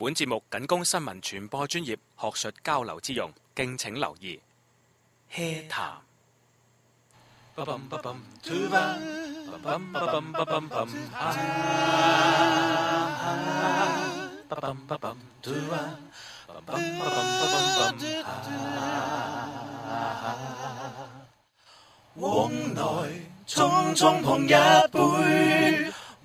本節目僅供新聞傳播專業學術交流之用，敬請留意。HEA 談。往來匆匆碰一杯。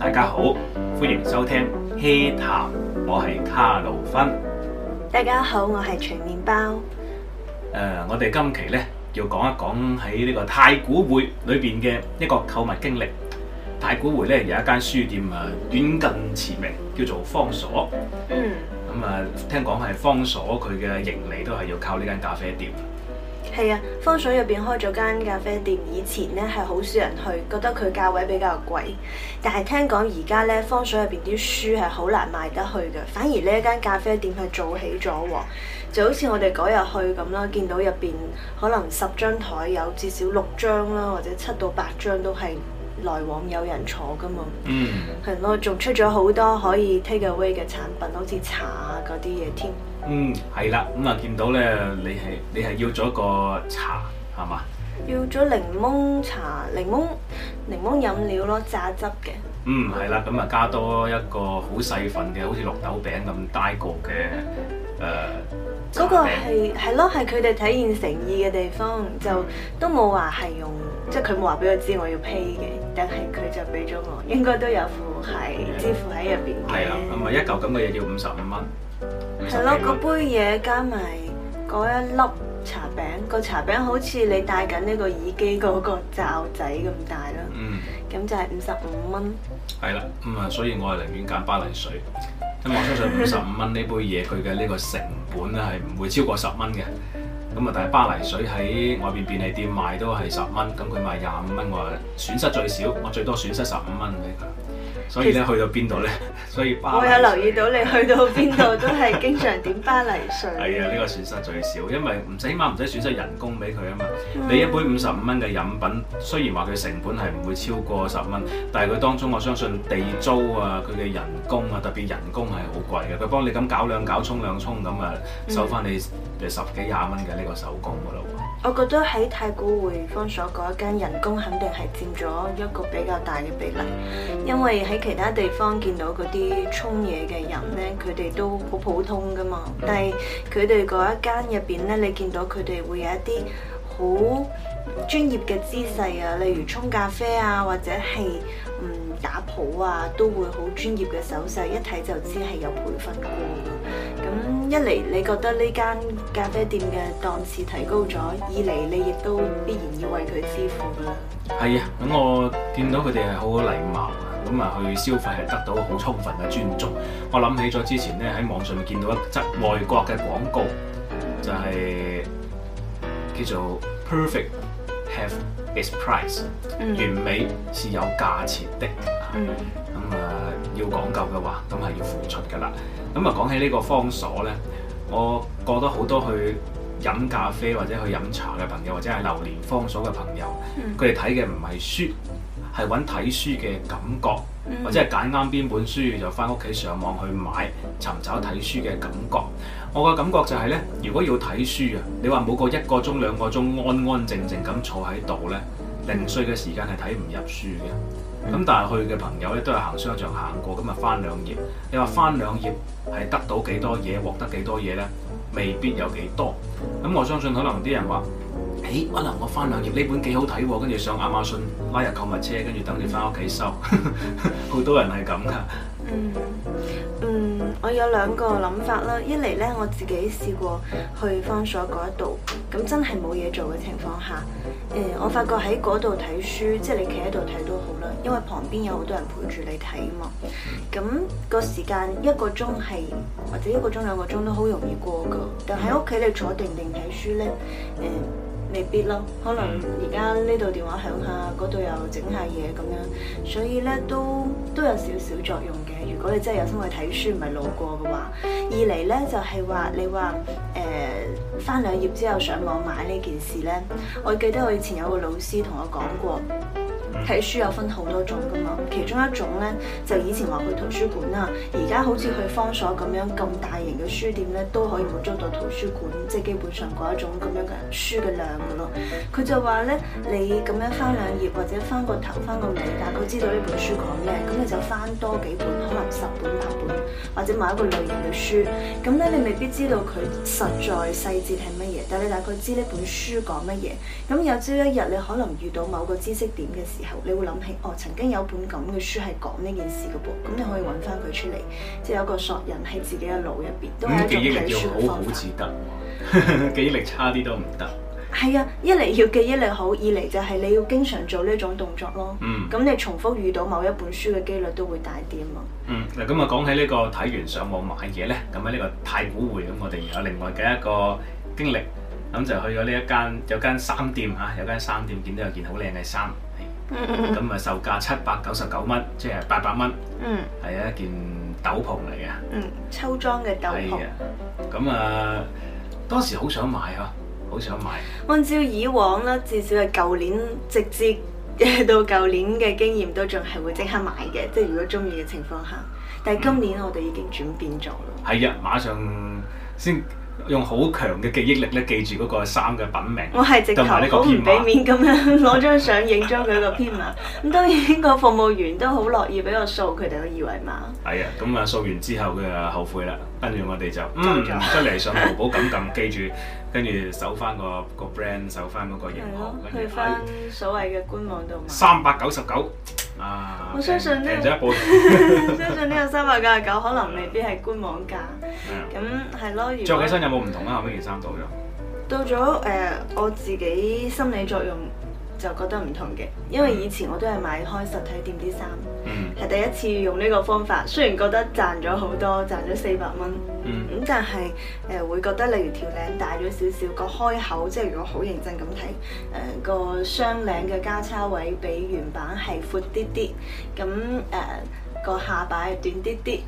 大家好，歡迎收聽《HEA 談》，我係卡路芬。大家好，我係全麵包。誒、呃，我哋今期咧要講一講喺呢個太古匯裏邊嘅一個購物經歷。太古匯咧有一間書店誒，遠、啊、近馳名，叫做方所。Mm. 嗯。咁啊，聽講係方所，佢嘅盈利都係要靠呢間咖啡店。係啊，芳水入邊開咗間咖啡店，以前咧，係好少人去，覺得佢價位比較貴。但係聽講而家咧，芳水入邊啲書係好難賣得去嘅，反而呢一間咖啡店係做起咗，就好似我哋嗰日去咁啦，見到入邊可能十張台有至少六張啦，或者七到八張都係來往有人坐噶嘛。嗯、mm. 啊。係咯，仲出咗好多可以 take away 嘅產品，好似茶啊嗰啲嘢添。嗯，係啦，咁、嗯、啊見到咧，你係你係要咗個茶係嘛？要咗檸檬茶，檸檬檸檬飲料咯，榨汁嘅。嗯，係啦，咁啊加多一個好細份嘅，好似綠豆餅咁大，呃、餅個嘅誒。嗰個係係咯，係佢哋體現誠意嘅地方，就都冇話係用，即係佢冇話俾我知我要 pay 嘅，但係佢就俾咗我，應該都有副係了支付喺入邊嘅。係啦，唔係一嚿咁嘅嘢要五十五蚊。係咯，嗰杯嘢加埋嗰一粒茶餅，個茶餅好似你戴緊呢個耳機嗰個罩仔咁大啦。嗯。咁就係五十五蚊。係啦，咁啊，所以我係寧願揀巴黎水，因為我相信五十五蚊呢杯嘢佢嘅呢個成本咧，係唔會超過十蚊嘅。咁啊，但係巴黎水喺外邊便利店賣都係十蚊，咁佢賣廿五蚊，我損失最少，我最多損失十五蚊俾佢。所以咧去到邊度咧，所以我有留意到你去到邊度都係經常點巴黎水。係啊， 呢、呢個損失最少，因為唔使，起碼唔使損失人工俾佢啊嘛。你一杯五十五蚊嘅飲品，雖然話佢成本係唔會超過十蚊，但係佢當中我相信地租啊、佢嘅人工啊，特別人工係好貴嘅。佢幫你咁搞兩搞、衝兩衝咁啊，收翻你十幾廿蚊嘅呢個手工噶。我覺得喺太古匯方所嗰一間人工肯定係佔咗一個比較大嘅比例，因為喺其他地方見到嗰啲沖嘢嘅人咧，佢哋都好普通噶嘛。但係佢哋嗰一間入邊咧，你見到佢哋會有一啲好專業嘅姿勢啊，例如沖咖啡啊，或者係嗯打泡啊，都會好專業嘅手勢，一睇就知係有培訓過。一嚟，你覺得呢間咖啡店嘅檔次提高咗；二嚟，你亦都必然要為佢支付噶啦。係啊，咁我見到佢哋係好好禮貌啊，咁啊去消費係得到好充分嘅尊重。我諗起咗之前咧喺網上面見到一則外國嘅廣告，就係叫做 Perfect Have Its Price，嗯，完美是有價錢的。嗯。要講究嘅話，咁、就、係、是、要付出噶啦。咁啊，講起呢個方所呢，我覺得好多去飲咖啡或者去飲茶嘅朋友，或者係流連方所嘅朋友，佢哋睇嘅唔係書，係揾睇書嘅感覺，嗯、或者係揀啱邊本書就返屋企上網去買，尋找睇書嘅感覺。嗯、我個感覺就係呢：如果要睇書啊，你話冇個一個鐘兩個鐘安安靜靜咁坐喺度呢，零碎嘅時間係睇唔入書嘅。咁但係佢嘅朋友咧都係行商場行過，咁啊翻兩頁。你話翻兩頁係得到幾多嘢，獲得幾多嘢咧？未必有幾多。咁我相信可能啲人話：誒、哎，可能我翻兩頁呢本幾好睇，跟住上亞馬遜拉入購物車，跟住等你翻屋企收。好 多人係咁噶。嗯嗯。我有兩個諗法啦，一嚟咧我自己試過去方所嗰度，咁真係冇嘢做嘅情況下，誒、呃、我發覺喺嗰度睇書即係、就是、你企喺度睇都好啦，因為旁邊有好多人陪住你睇啊嘛，咁、那個時間一個鐘係或者一個鐘兩個鐘都好容易過噶，但喺屋企你坐定定睇書咧，誒、呃、未必咯，可能而家呢度電話響下，嗰度又整下嘢咁樣，所以咧都都有少少作用。如果你真係有心去睇書，唔係路過嘅話。二嚟呢就係、是、話，你話誒、呃、翻兩頁之後上網買呢件事呢。我記得我以前有個老師同我講過。睇書有分好多種噶嘛，其中一種咧就以前話去圖書館啦，而家好似去方所咁樣咁大型嘅書店咧，都可以滿足到圖書館即係基本上一種咁樣嘅書嘅量噶咯。佢就話咧，你咁樣翻兩頁或者翻個頭翻個尾，但係佢知道呢本書講咩，咁你就翻多幾本，可能十本八本，或者買一個類型嘅書，咁咧你未必知道佢實在細節係乜嘢。但你大概知呢本書講乜嘢？咁有朝一日你可能遇到某個知識點嘅時候，你會諗起哦，曾經有本咁嘅書係講呢件事嘅噃。咁你可以揾翻佢出嚟，即係有個索引喺自己嘅腦入邊，都係一個睇書方法。記憶力要好好至得、啊， 記憶力差啲都唔得。係啊，一嚟要記憶力好，二嚟就係你要經常做呢種動作咯。嗯。咁你重複遇到某一本書嘅機率都會大啲啊嘛、嗯。嗯。嗱咁啊，講起呢個睇完上網買嘢咧，咁喺呢個太古匯咁，我哋有另外嘅一個經歷。咁就去咗呢一間有間衫店嚇，有間衫店見到有件好靚嘅衫，咁啊、嗯嗯嗯、售價七百九十九蚊，即係八百蚊，係、嗯、一件斗篷嚟嘅，秋裝嘅斗篷。咁啊，當時好想買啊，好想買、啊。按照以往啦，至少係舊年直至到舊年嘅經驗，都仲係會即刻買嘅，即係如果中意嘅情況下。但係今年我哋已經轉變咗啦。係啊、嗯，馬上先。用好強嘅記憶力咧，記住嗰個衫嘅品名，我係直頭好唔俾面咁樣攞張相影張佢個編碼。咁當然個服務員都好樂意俾我掃佢哋個二維碼。係啊，咁啊、哎、掃完之後佢啊後悔啦。跟住我哋就嗯 出嚟上淘寶，好感恩記住，跟住搜翻個個 brand，搜翻嗰個型號，跟住去翻所謂嘅官網度買三百九十九。哎呀啊！我相信呢、這個， 相信呢個三百九十九可能未必係官網價。咁係咯，如果着起身有冇唔同啊？後面件衫到咗，到咗誒，uh, 我自己心理作用。就覺得唔同嘅，因為以前我都係買開實體店啲衫，係、mm hmm. 第一次用呢個方法。雖然覺得賺咗好多，賺咗四百蚊，咁、mm hmm. 但係誒、呃、會覺得例如條領大咗少少，個開口即係如果好認真咁睇誒個雙領嘅交叉位比原版係闊啲啲，咁誒。呃個下擺短啲啲，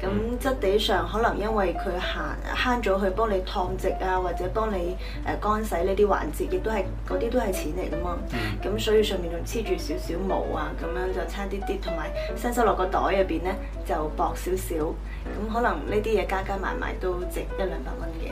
咁質、嗯、地上可能因為佢慳慳咗，去幫你燙直啊，或者幫你誒乾洗呢啲環節，亦都係嗰啲都係錢嚟噶嘛。咁、嗯嗯、所以上面仲黐住少少毛啊，咁樣就差啲啲，同埋伸收落個袋入邊咧就薄少少，咁可能呢啲嘢加加埋埋都值一兩百蚊嘅。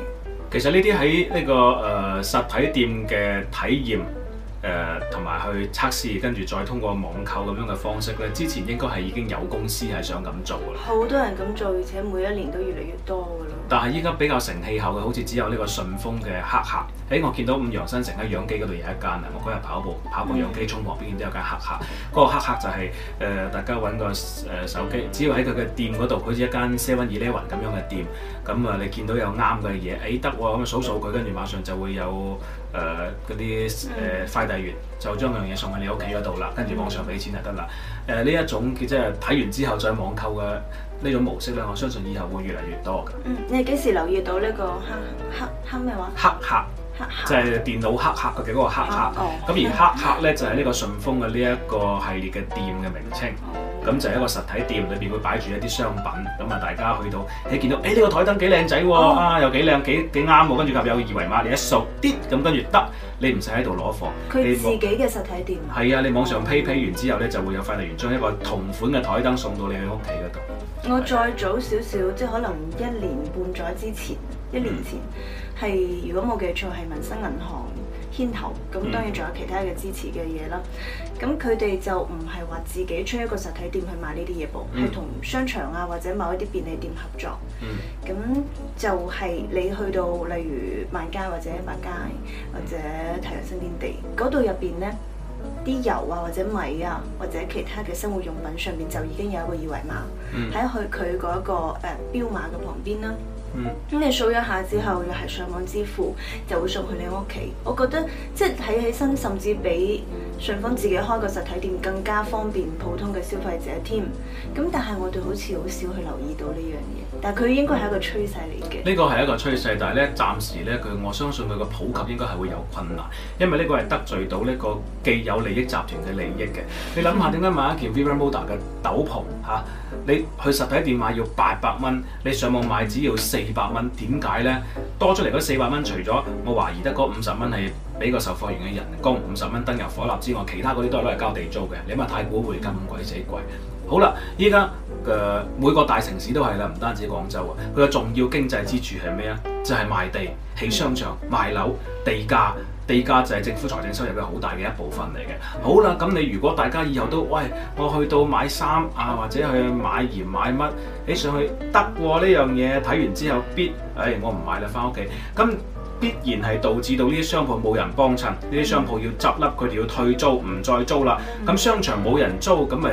其實呢啲喺呢個誒、呃、實體店嘅體驗。誒，同埋、呃、去測試，跟住再通過網購咁樣嘅方式咧，之前應該係已經有公司係想咁做啦。好多人咁做，而且每一年都越嚟越多噶啦。但係依家比較成氣候嘅，好似只有呢個順豐嘅黑客。喺、欸、我見到五羊新城喺養雞嗰度有一間啊！我嗰日跑步，跑步養雞廠旁邊都有間黑客，客。嗰、那個黑客，客就係、是、誒、呃，大家揾個誒、呃、手機，只要喺佢嘅店嗰度，好似一間 Seven Eleven 咁樣嘅店。咁啊、呃，你見到有啱嘅嘢，誒得喎，咁啊、嗯、數數佢，跟住馬上就會有。誒嗰啲誒快遞員就將樣嘢送喺你屋企嗰度啦，跟住網上俾錢就得啦。誒、呃、呢一種佢即係睇完之後再網購嘅呢種模式咧，我相信以後會越嚟越多嘅。嗯，你幾時留意到呢、這個黑黑黑咩話？黑客，黑客就係電腦黑客嘅嗰、那個黑客。咁、哦、而黑客咧就係、是、呢個順豐嘅呢一個系列嘅店嘅名稱。咁就係一個實體店裏邊，會擺住一啲商品，咁啊大家去到，你見到，誒、哎、呢、呢個台燈幾靚仔喎，oh. 啊又幾靚，幾幾啱喎，跟住入邊有二維碼，你一掃，啲咁跟住得，你唔使喺度攞貨。佢自己嘅實體店。係啊，你網上批批完之後呢，就會有快遞員將一個同款嘅台燈送到你去屋企嗰度。Oh. 啊、我再早少少，即係可能一年半載之前，一年前，係、mm. 如果冇記錯係民生銀行。牽頭咁，當然仲有其他嘅支持嘅嘢啦，咁佢哋就唔係話自己出一個實體店去賣呢啲嘢鋪，係同、嗯、商場啊或者某一啲便利店合作。嗯。咁就係你去到，例如萬家或者百佳或者太陽新天地嗰度入邊呢，啲油啊或者米啊或者其他嘅生活用品上面就已經有一個二維碼，喺佢佢嗰個誒標碼嘅旁邊啦。咁、嗯、你掃一下之後，又係上網支付，就會送去你屋企。我覺得即係睇起身，甚至比順豐自己開個實體店更加方便普通嘅消費者添。咁但係我哋好似好少去留意到呢樣嘢。但係佢應該係一個趨勢嚟嘅。呢個係一個趨勢，但係咧暫時咧，佢我相信佢個普及應該係會有困難，因為呢個係得罪到呢個既有利益集團嘅利益嘅。你諗下，點解買一件 Vivimoda 嘅斗篷吓、啊？你去實體店買要八百蚊，你上網買只要四。四百蚊點解呢？多出嚟嗰四百蚊，除咗我懷疑得嗰五十蚊係俾個售貨員嘅人工，五十蚊燈油火蠟之外，其他嗰啲都係攞嚟交地租嘅。你話太古匯咁鬼死貴，好啦，依家嘅每個大城市都係啦，唔單止廣州啊，佢嘅重要經濟支柱係咩啊？就係賣地、起商場、賣樓、地價。地價就係政府財政收入嘅好大嘅一部分嚟嘅。好啦，咁你如果大家以後都喂，我去到買衫啊，或者去買鹽買乜，你上去得過呢樣嘢，睇完之後必，哎，我唔買啦，翻屋企。咁必然係導致到呢啲商鋪冇人幫襯，呢啲、嗯、商鋪要執笠，佢哋要退租，唔再租啦。咁商場冇人租，咁咪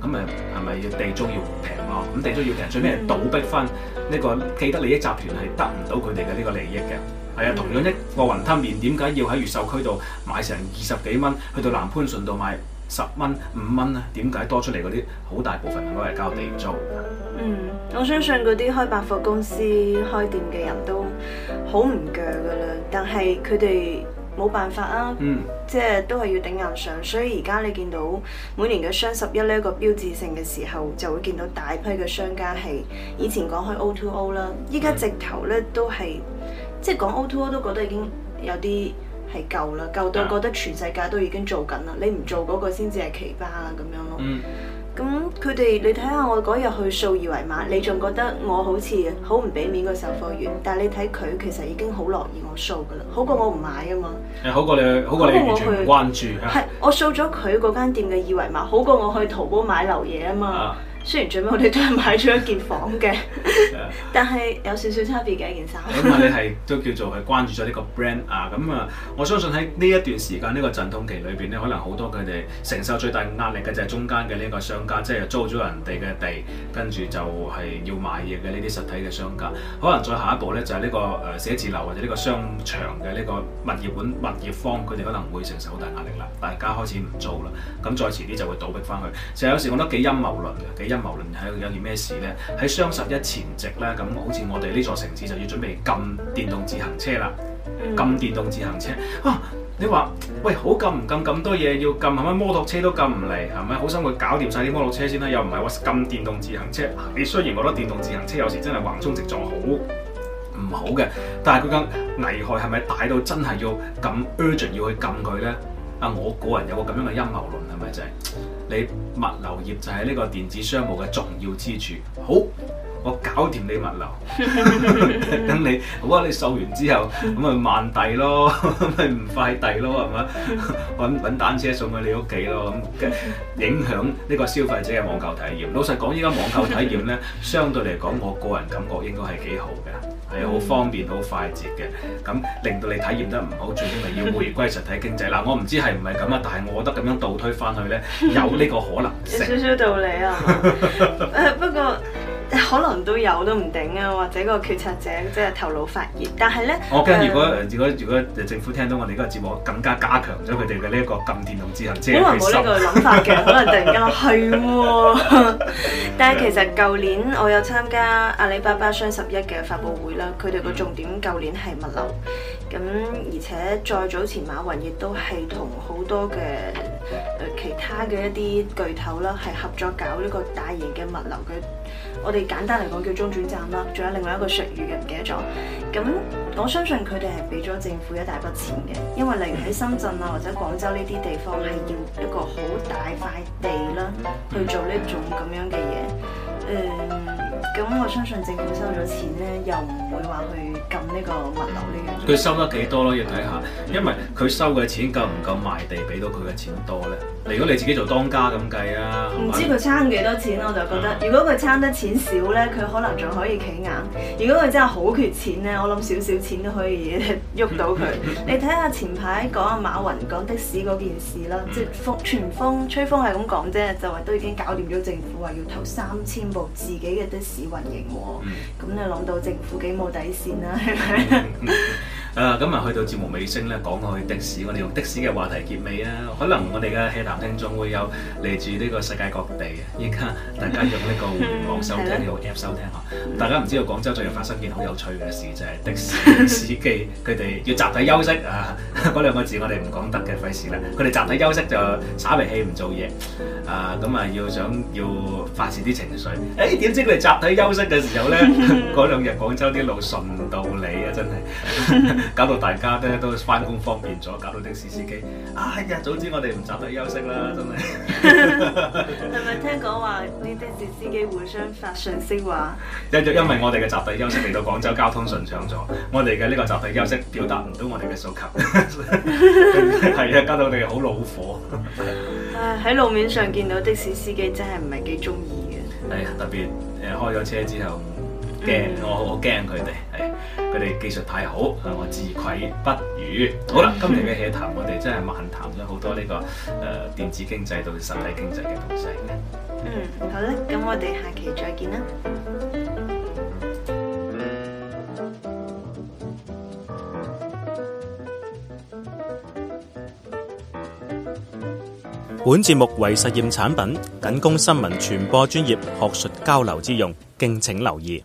咁咪係咪要地租要平咯？咁地租要平，最尾係倒逼翻呢、這個既得利益集團係得唔到佢哋嘅呢個利益嘅。係啊，同樣一個雲吞麵，點解要喺越秀區度買成二十幾蚊，去到南潘番順道買十蚊五蚊啊？點解多出嚟嗰啲好大部分係攞嚟交地租㗎？嗯，我相信嗰啲開百貨公司開店嘅人都好唔鋸㗎啦，但係佢哋冇辦法啊，嗯、即係都係要頂硬上。所以而家你見到每年嘅雙十一呢個標誌性嘅時候，就會見到大批嘅商家係以前講開 O to O 啦，依家直頭咧都係。即係講 O2O 都覺得已經有啲係舊啦，舊到覺得全世界都已經做緊啦，你唔做嗰個先至係奇葩啦，咁樣咯。咁佢哋，你睇下我嗰日去掃二維碼，你仲覺得我好似好唔俾面個售貨員，但係你睇佢其實已經好樂意我掃噶啦，好過我唔買啊嘛。誒、啊，好過你，好過你完全關注。係，我掃咗佢嗰間店嘅二維碼，好過我去淘寶買流嘢啊嘛。啊雖然最尾我哋都係買咗一件房嘅， 但係有少少差別嘅一件衫。咁啊，你係都叫做係關注咗呢個 brand 啊？咁啊，我相信喺呢一段時間呢、呢個陣痛期裏邊咧，可能好多佢哋承受最大壓力嘅就係中間嘅呢個商家，即係租咗人哋嘅地，跟住就係要買嘢嘅呢啲實體嘅商家。可能再下一步咧，就係呢個誒寫字樓或者呢個商場嘅呢個物業管物業方佢哋可能會承受好大壓力啦。大家開始唔做啦，咁再遲啲就會倒逼翻去。其實有時我覺得幾陰謀論嘅，無論係有件咩事咧，喺雙十一前夕咧，咁好似我哋呢座城市就要準備禁電動自行車啦，禁電動自行車啊！你話喂，好禁唔禁咁多嘢要禁？係咪摩托車都禁唔嚟？係咪好心佢搞掂晒啲摩托車先啦？又唔係話禁電動自行車？你雖然覺得電動自行車有時真係橫衝直撞好唔好嘅，但係佢嘅危害係咪大到真係要咁 urgent 要去禁佢咧？啊！我個人有個咁樣嘅陰謀論係咪？就係、是、你物流業就係呢個電子商務嘅重要之處。好。我搞掂你物流， 等你好啊！你售完之後，咁咪慢遞咯，咪唔快遞咯，係咪？揾 揾單車送去你屋企咯，咁嘅影響呢個消費者嘅網購體驗。老實講，依家網購體驗咧，相對嚟講，我個人感覺應該係幾好嘅，係好方便、好快捷嘅。咁令到你體驗得唔好，最終咪要回歸實體經濟。嗱，我唔知係唔係咁啊，但係我覺得咁樣倒推翻去咧，有呢個可能性。有少少道理啊！ 不過。可能都有都唔定啊，或者個決策者即係頭腦發熱。但係呢，我驚、okay，如果、呃、如果如果政府聽到我哋嗰個節目，更加加強咗佢哋嘅呢一個禁電動自行車。嗯、其可能冇呢個諗法嘅， 可能突然間話係喎。 嗯、但係其實舊年我有參加阿里巴巴雙十一嘅發佈會啦，佢哋個重點舊年係物流。咁、嗯、而且再早前馬雲亦都係同好多嘅其他嘅一啲巨頭啦，係合作搞呢個大型嘅物流嘅。我哋簡單嚟講叫中轉站啦，仲有另外一個術語嘅，唔記得咗。咁我相信佢哋係俾咗政府一大筆錢嘅，因為例如喺深圳啊或者廣州呢啲地方係要一個好大塊地啦去做呢種咁樣嘅嘢。嗯，咁、嗯嗯、我相信政府收咗錢呢，又唔會話去撳呢個物流呢樣。佢收得幾多咯？要睇下，因為佢收嘅錢夠唔夠賣地俾到佢嘅錢多呢？如果你自己做當家咁計啊，唔知佢攢幾多錢，我就覺得如果佢攢得錢少呢，佢可能仲可以企硬，硬；如果佢真係好缺錢呢，我諗少少錢都可以喐到佢。你睇下前排講阿馬雲講的士嗰件事啦，即風傳風吹風係咁講啫，就話都已經搞掂咗政府話要投三千部自己嘅的，的士運營喎。咁你諗到政府幾冇底線啦？係咪？誒，今日，去到節目尾聲咧，講去的士，我哋用的士嘅話題結尾啊，可能我哋嘅聽眾會有嚟自呢個世界各地嘅，依家大家用呢個網收聽 用 app 收聽啊！ 大家唔知道廣州最近發生件好有趣嘅事，就係、是、的士司機佢哋要集體休息啊！嗰兩個字我哋唔講得嘅，費事啦！佢哋集體休息就耍脾氣唔做嘢啊！咁啊要想要發洩啲情緒，誒、哎，點知佢哋集體休息嘅時候咧，嗰兩日廣州啲路順。道理啊，真係 搞到大家咧都翻工方便咗，搞到的士司機，哎呀，早知我哋唔集體休息啦，真係。係 咪 聽講話呢的士司機互相發信息話，因因為我哋嘅集體休息嚟到廣州交通順暢咗，我哋嘅呢個集體休息表達唔到我哋嘅訴求，係 啊， 搞到我哋好老火。唉，喺路面上見到的士司機真係唔係幾中意嘅。係啊、哎，特別誒、呃、開咗車之後。我好驚佢哋，係佢哋技術太好，我自愧不如。好啦，今年嘅 HEA 談，我哋真係漫談咗好多呢、這個誒、呃、電子經濟到實體經濟嘅東西。嗯，好啦，咁我哋下期再見啦。本節目為實驗產品，僅供新聞傳播專業學術交流之用，敬請留意。